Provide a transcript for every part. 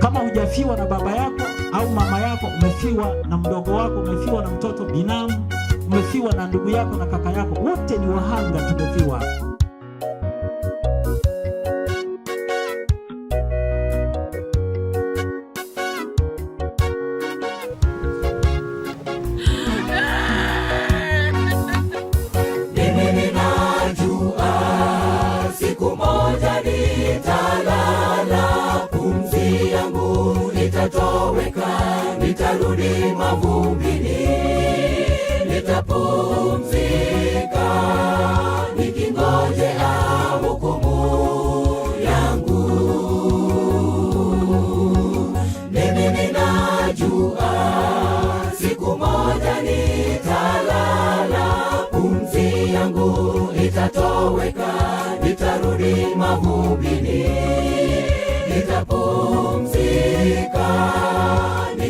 Kama hujafiwa na baba yako au mama yako, umefiwa na mdogo wako, umefiwa na mtoto binamu, umefiwa na ndugu yako na kaka yako, wote ni wahanga, tumefiwa nitatoweka, nitarudi mavumbini, nitapumzika nikingoje hukumu yangu. Mimi ninajua siku moja nitalala, pumzi yangu itatoweka, nitarudi mavumbini, nitapumzika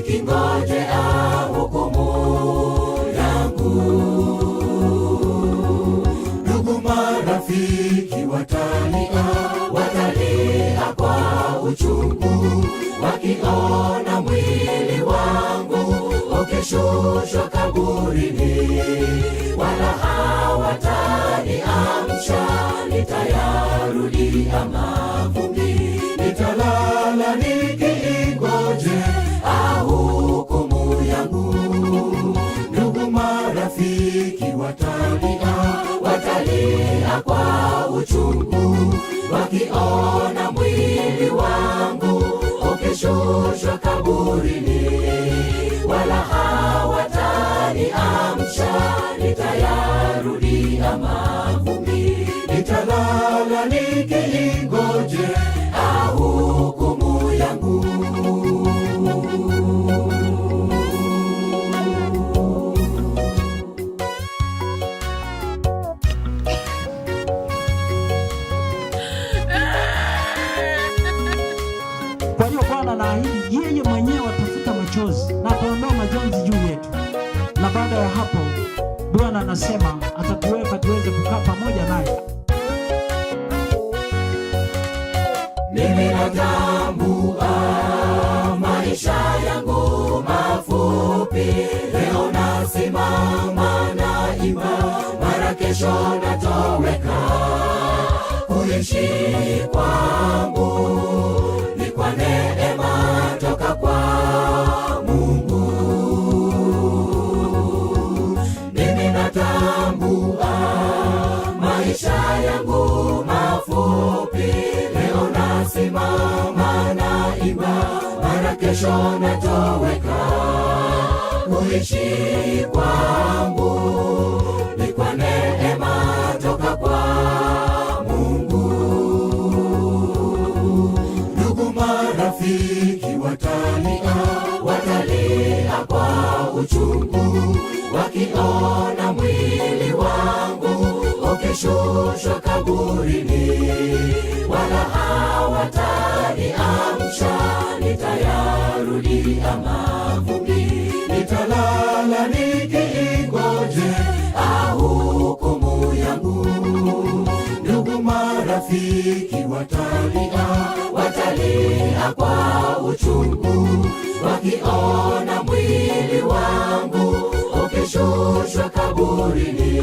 nikingojea hukumu yangu. Ndugu marafiki watalia, watalia kwa uchungu, wakiona mwili wangu ukishushwa kaburini. wameshushwa kaburini, wala hawataniamsha. Nitayarudi ama vumbi, nitalala niki yeye mwenyewe atafuta machozi na ataondoa majonzi juu yetu. Na baada ya hapo, Bwana anasema atatuweka tuweze kukaa pamoja naye. Mimi natambua maisha yangu mafupi, leo nasimama na ima, mara kesho natoweka. Kuishi kwangu simama na imani, maana kesho natoweka. Kuishi kwangu ni kwa neema toka kwa Mungu. Ndugu, marafiki watalia, watalia kwa uchungu wakiona mwili wameshushwa kaburini, wala hawataniamsha. Nitayarudi mavumbi, nitalala nikiingoje hukumu yangu. Ndugu, marafiki watalia, watalia kwa uchungu, wakiona mwili wangu ukishushwa kaburini.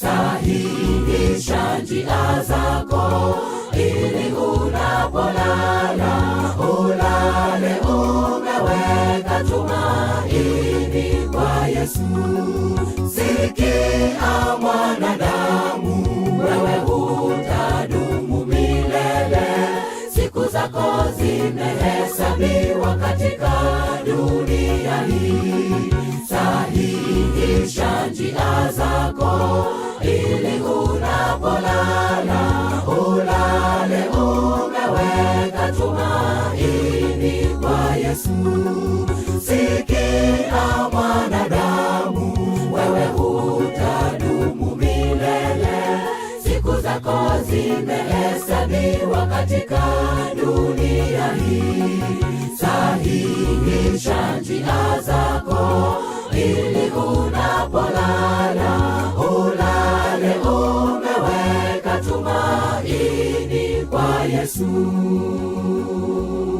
sahihisha njia zako, ili unapolala ulale umeweka tumaini kwa Yesu. Sikia mwanadamu, wewe utadumu milele, siku zako zime yako ili unapolala ulale umeweka tumaini kwa Yesu. Sikia mwanadamu, wewe utadumu milele, siku zako zimehesabiwa katika dunia hii. Sahihisha njia zako tumaini kwa Yesu.